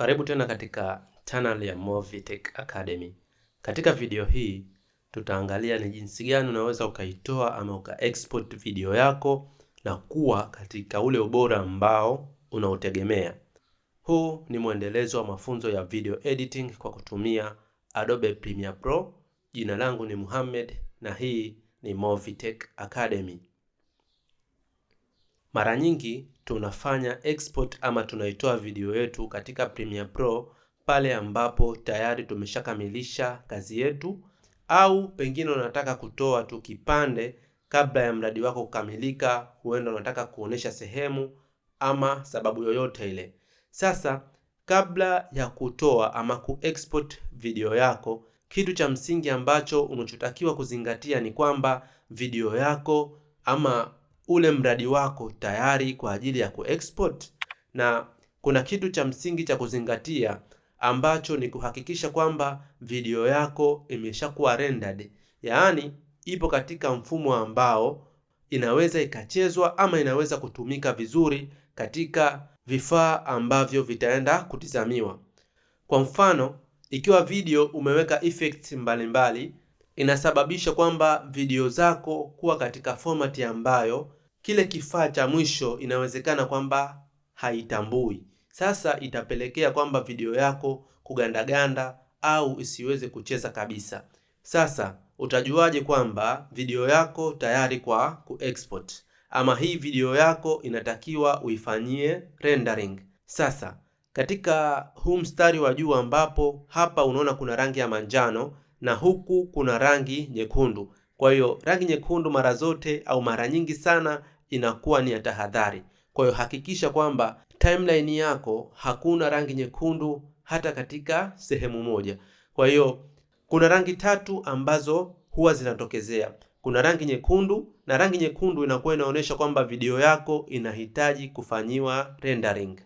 Karibu tena katika channel ya Movitech Academy. Katika video hii tutaangalia ni jinsi gani unaweza ukaitoa ama uka export video yako na kuwa katika ule ubora ambao unaotegemea. Huu ni mwendelezo wa mafunzo ya video editing kwa kutumia Adobe Premiere Pro. Jina langu ni Muhammad na hii ni Movitech Academy. Mara nyingi tunafanya export ama tunaitoa video yetu katika Premiere Pro pale ambapo tayari tumeshakamilisha kazi yetu, au pengine unataka kutoa tu kipande kabla ya mradi wako kukamilika, huenda unataka kuonesha sehemu ama sababu yoyote ile. Sasa kabla ya kutoa ama kuexport video yako, kitu cha msingi ambacho unachotakiwa kuzingatia ni kwamba video yako ama ule mradi wako tayari kwa ajili ya kuexport. Na kuna kitu cha msingi cha kuzingatia ambacho ni kuhakikisha kwamba video yako imeshakuwa rendered, yaani ipo katika mfumo ambao inaweza ikachezwa ama inaweza kutumika vizuri katika vifaa ambavyo vitaenda kutizamiwa. Kwa mfano, ikiwa video umeweka effects mbalimbali, inasababisha kwamba video zako kuwa katika format ambayo kile kifaa cha mwisho inawezekana kwamba haitambui. Sasa itapelekea kwamba video yako kugandaganda au isiweze kucheza kabisa. Sasa utajuaje kwamba video yako tayari kwa kuexport ama hii video yako inatakiwa uifanyie rendering? Sasa katika huu mstari wa juu ambapo hapa unaona kuna rangi ya manjano na huku kuna rangi nyekundu kwa hiyo rangi nyekundu mara zote au mara nyingi sana inakuwa ni ya tahadhari. Kwa hiyo hakikisha kwamba timeline yako hakuna rangi nyekundu hata katika sehemu moja. Kwa hiyo kuna rangi tatu ambazo huwa zinatokezea. Kuna rangi nyekundu, na rangi nyekundu inakuwa inaonyesha kwamba video yako inahitaji kufanyiwa rendering,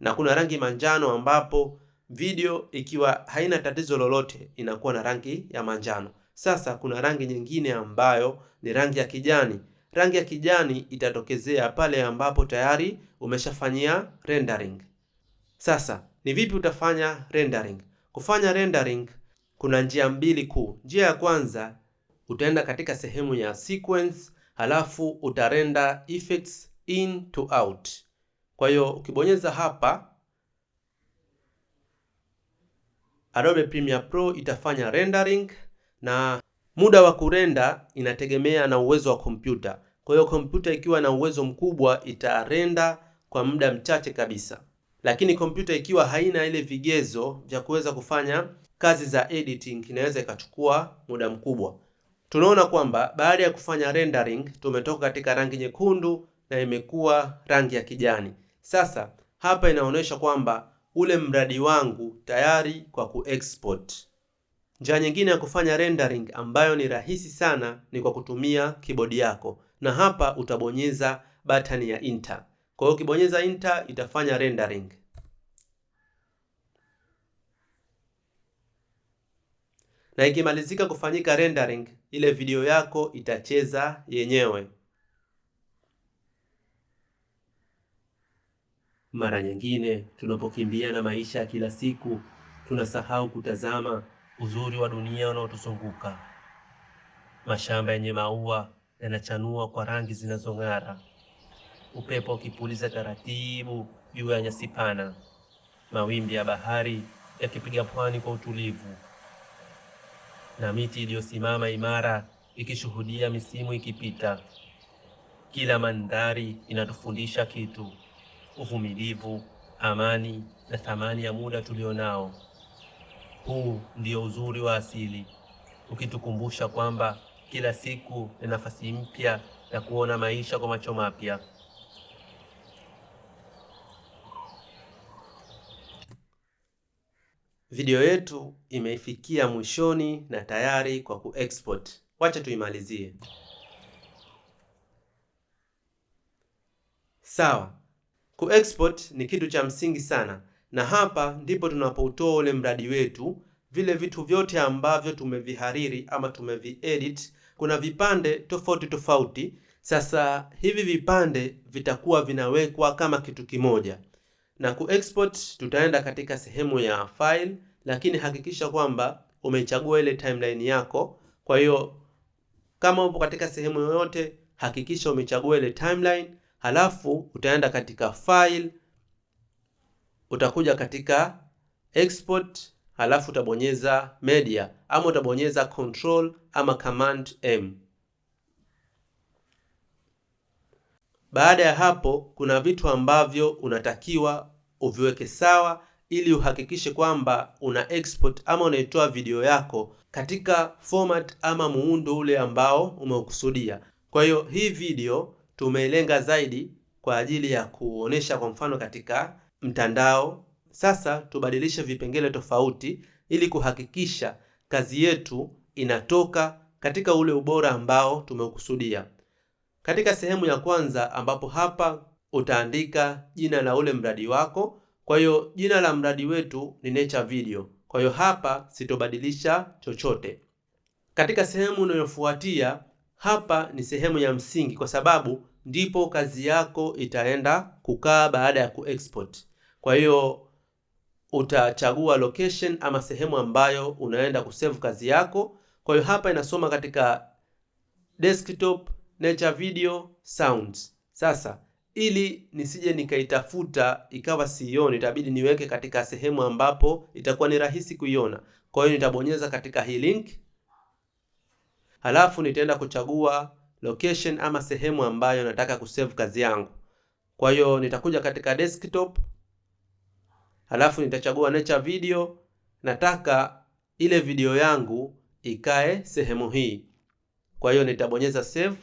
na kuna rangi manjano ambapo video ikiwa haina tatizo lolote inakuwa na rangi ya manjano. Sasa kuna rangi nyingine ambayo ni rangi ya kijani. Rangi ya kijani itatokezea pale ambapo tayari umeshafanyia rendering. Sasa ni vipi utafanya rendering? Kufanya rendering kuna njia mbili kuu. Njia ya kwanza utaenda katika sehemu ya sequence, halafu utarenda effects in to out. Kwa hiyo ukibonyeza hapa Adobe Premiere Pro itafanya rendering na muda wa kurenda inategemea na uwezo wa kompyuta. Kwa hiyo kompyuta ikiwa na uwezo mkubwa itarenda kwa muda mchache kabisa, lakini kompyuta ikiwa haina ile vigezo vya kuweza kufanya kazi za editing inaweza ikachukua muda mkubwa. Tunaona kwamba baada ya kufanya rendering tumetoka katika rangi nyekundu na imekuwa rangi ya kijani. Sasa hapa inaonyesha kwamba ule mradi wangu tayari kwa kuexport. Njia nyingine ya kufanya rendering ambayo ni rahisi sana ni kwa kutumia kibodi yako, na hapa utabonyeza batani ya enter. Kwa hiyo ukibonyeza enter itafanya rendering. Na ikimalizika kufanyika rendering, ile video yako itacheza yenyewe. Mara nyingine tunapokimbia na maisha ya kila siku tunasahau kutazama uzuri wa dunia unaotuzunguka. Mashamba yenye maua yanachanua kwa rangi zinazong'ara, upepo ukipuliza taratibu juu ya nyasi pana, mawimbi ya bahari yakipiga pwani kwa utulivu, na miti iliyosimama imara ikishuhudia misimu ikipita. Kila mandhari inatufundisha kitu: uvumilivu, amani na thamani ya muda tulionao. Huu ndio uzuri wa asili, ukitukumbusha kwamba kila siku ni nafasi mpya ya kuona maisha kwa macho mapya. Video yetu imeifikia mwishoni na tayari kwa kuexport. Wacha tuimalizie. Sawa, kuexport ni kitu cha msingi sana na hapa ndipo tunapoutoa ule mradi wetu, vile vitu vyote ambavyo tumevihariri ama tumeviedit. Kuna vipande tofauti tofauti. Sasa hivi vipande vitakuwa vinawekwa kama kitu kimoja, na kuexport tutaenda katika sehemu ya file, lakini hakikisha kwamba umechagua ile timeline yako. Kwa hiyo kama upo katika sehemu yoyote, hakikisha umechagua ile timeline, halafu utaenda katika file utakuja katika export, halafu utabonyeza media ama utabonyeza control ama command M. Baada ya hapo, kuna vitu ambavyo unatakiwa uviweke sawa ili uhakikishe kwamba una export ama unaitoa video yako katika format ama muundo ule ambao umeukusudia. Kwa hiyo hii video tumeilenga zaidi kwa ajili ya kuonesha kwa mfano katika mtandao. Sasa tubadilishe vipengele tofauti ili kuhakikisha kazi yetu inatoka katika ule ubora ambao tumeukusudia. Katika sehemu ya kwanza ambapo hapa utaandika jina la ule mradi wako. Kwa hiyo jina la mradi wetu ni Nature Video. Kwa hiyo hapa sitobadilisha chochote. Katika sehemu inayofuatia hapa ni sehemu ya msingi, kwa sababu ndipo kazi yako itaenda kukaa baada ya kuexport. Kwa hiyo utachagua location ama sehemu ambayo unaenda kusave kazi yako. Kwa hiyo hapa inasoma katika desktop, nature video, sounds. Sasa ili nisije nikaitafuta ikawa siioni, itabidi niweke katika sehemu ambapo itakuwa ni rahisi kuiona. Kwa hiyo nitabonyeza katika hii link, halafu nitaenda kuchagua location ama sehemu ambayo nataka kusave kazi yangu. Kwa hiyo nitakuja katika desktop Halafu nitachagua nature video. Nataka ile video yangu ikae sehemu hii, kwa hiyo nitabonyeza save.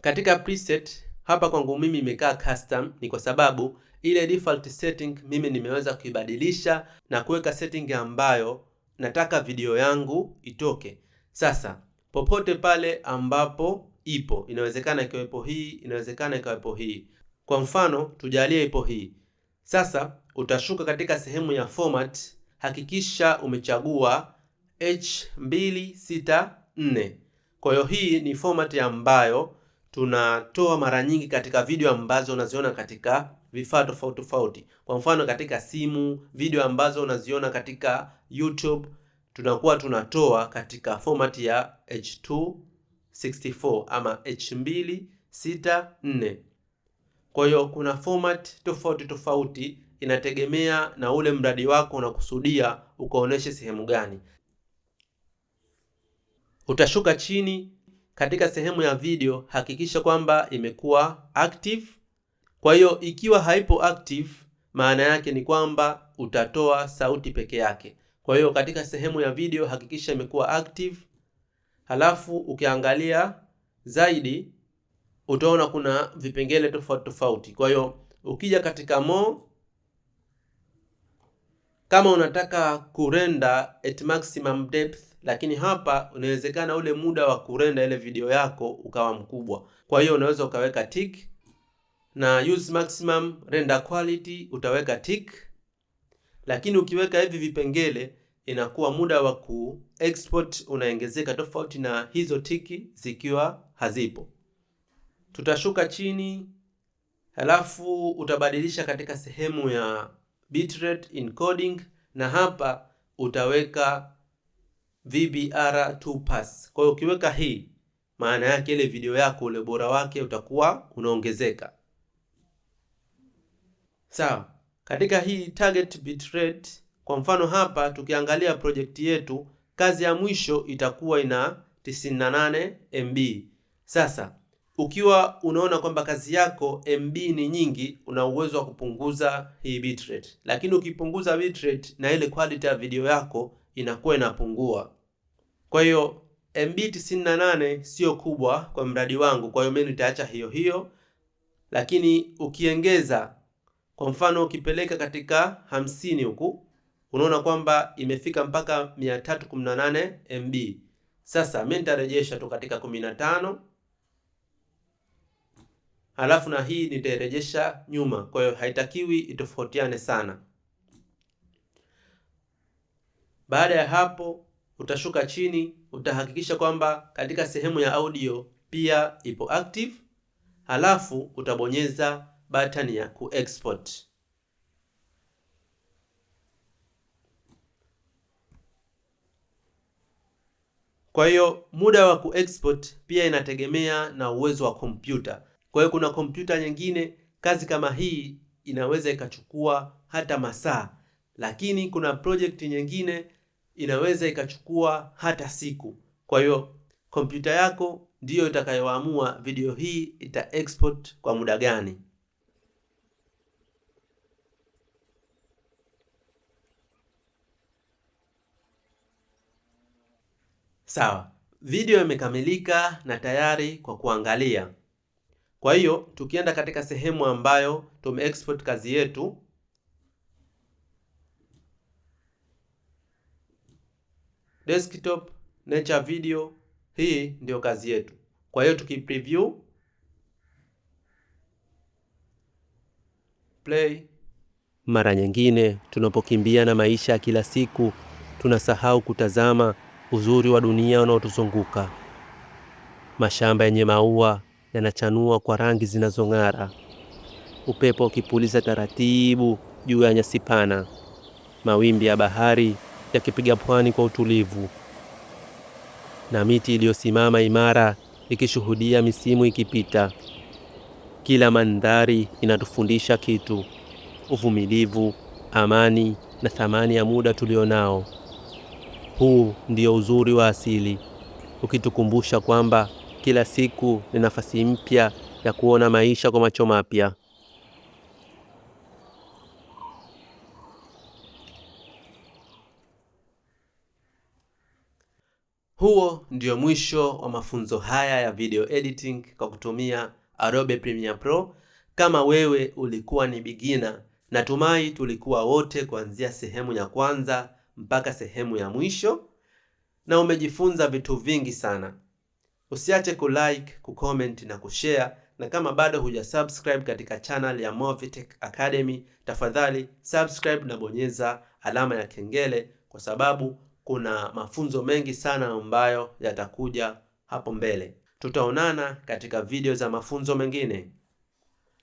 Katika preset hapa kwangu mimi imekaa custom, ni kwa sababu ile default setting mimi nimeweza kuibadilisha na kuweka setting ambayo nataka video yangu itoke. Sasa popote pale ambapo ipo, inawezekana ikiwepo hii, inawezekana ikawepo hii. Kwa mfano tujalie ipo hii sasa utashuka katika sehemu ya format, hakikisha umechagua H264. Kwa hiyo hii ni format ambayo tunatoa mara nyingi katika video ambazo unaziona katika vifaa tofauti tofauti. Kwa mfano katika simu, video ambazo unaziona katika YouTube tunakuwa tunatoa katika format ya H264 ama H264. Kwa hiyo kuna format tofauti tofauti, inategemea na ule mradi wako unakusudia ukaoneshe sehemu gani. Utashuka chini katika sehemu ya video, hakikisha kwamba imekuwa active. Kwa hiyo ikiwa haipo active, maana yake ni kwamba utatoa sauti peke yake. Kwa hiyo katika sehemu ya video hakikisha imekuwa active, halafu ukiangalia zaidi utaona kuna vipengele tofauti tofauti. Kwa hiyo ukija katika more, kama unataka kurenda at maximum depth, lakini hapa unawezekana ule muda wa kurenda ile video yako ukawa mkubwa, kwa hiyo unaweza ukaweka tick na use maximum render quality utaweka tick, lakini ukiweka hivi vipengele inakuwa muda wa ku export unaongezeka tofauti na hizo tiki zikiwa hazipo tutashuka chini, halafu utabadilisha katika sehemu ya bitrate encoding, na hapa utaweka VBR 2 pass. Kwa hiyo ukiweka hii, maana yake ile video yako ule bora wake utakuwa unaongezeka. Sawa, katika hii target bitrate, kwa mfano hapa tukiangalia project yetu, kazi ya mwisho itakuwa ina 98 MB. Sasa ukiwa unaona kwamba kazi yako MB ni nyingi, una uwezo wa kupunguza hii bitrate, lakini ukipunguza bitrate na ile quality ya video yako inakuwa inapungua. Kwa hiyo MB 98 sio kubwa kwa mradi wangu, kwa hiyo mimi nitaacha hiyo hiyo, lakini ukiongeza kwa mfano ukipeleka katika hamsini huku unaona kwamba imefika mpaka 318 MB. Sasa mimi nitarejesha tu katika 15 halafu na hii nitairejesha nyuma, kwa hiyo haitakiwi itofautiane sana. Baada ya hapo, utashuka chini, utahakikisha kwamba katika sehemu ya audio pia ipo active, halafu utabonyeza button ya kuexport. Kwa hiyo muda wa kuexport pia inategemea na uwezo wa kompyuta. Kwa hiyo kuna kompyuta nyingine kazi kama hii inaweza ikachukua hata masaa, lakini kuna project nyingine inaweza ikachukua hata siku. Kwa hiyo kompyuta yako ndiyo itakayoamua video hii ita export kwa muda gani. Sawa, video imekamilika na tayari kwa kuangalia. Kwa hiyo tukienda katika sehemu ambayo tumeexport kazi yetu desktop nature video, hii ndio kazi yetu. Kwa hiyo preview play, mara nyingine tunapokimbia na maisha ya kila siku tunasahau kutazama uzuri wa dunia unaotuzunguka, mashamba yenye maua yanachanua kwa rangi zinazong'ara, upepo ukipuliza taratibu juu ya nyasi pana, mawimbi ya bahari yakipiga pwani kwa utulivu, na miti iliyosimama imara ikishuhudia misimu ikipita. Kila mandhari inatufundisha kitu: uvumilivu, amani na thamani ya muda tulionao. Huu ndio uzuri wa asili, ukitukumbusha kwamba kila siku ni nafasi mpya ya kuona maisha kwa macho mapya. Huo ndio mwisho wa mafunzo haya ya video editing kwa kutumia Adobe Premiere Pro. Kama wewe ulikuwa ni beginner, natumai tulikuwa wote kuanzia sehemu ya kwanza mpaka sehemu ya mwisho na umejifunza vitu vingi sana. Usiache kulike, kucomment na kushare, na kama bado huja subscribe katika channel ya Movitech Academy, tafadhali subscribe na bonyeza alama ya kengele, kwa sababu kuna mafunzo mengi sana ambayo yatakuja hapo mbele. Tutaonana katika video za mafunzo mengine.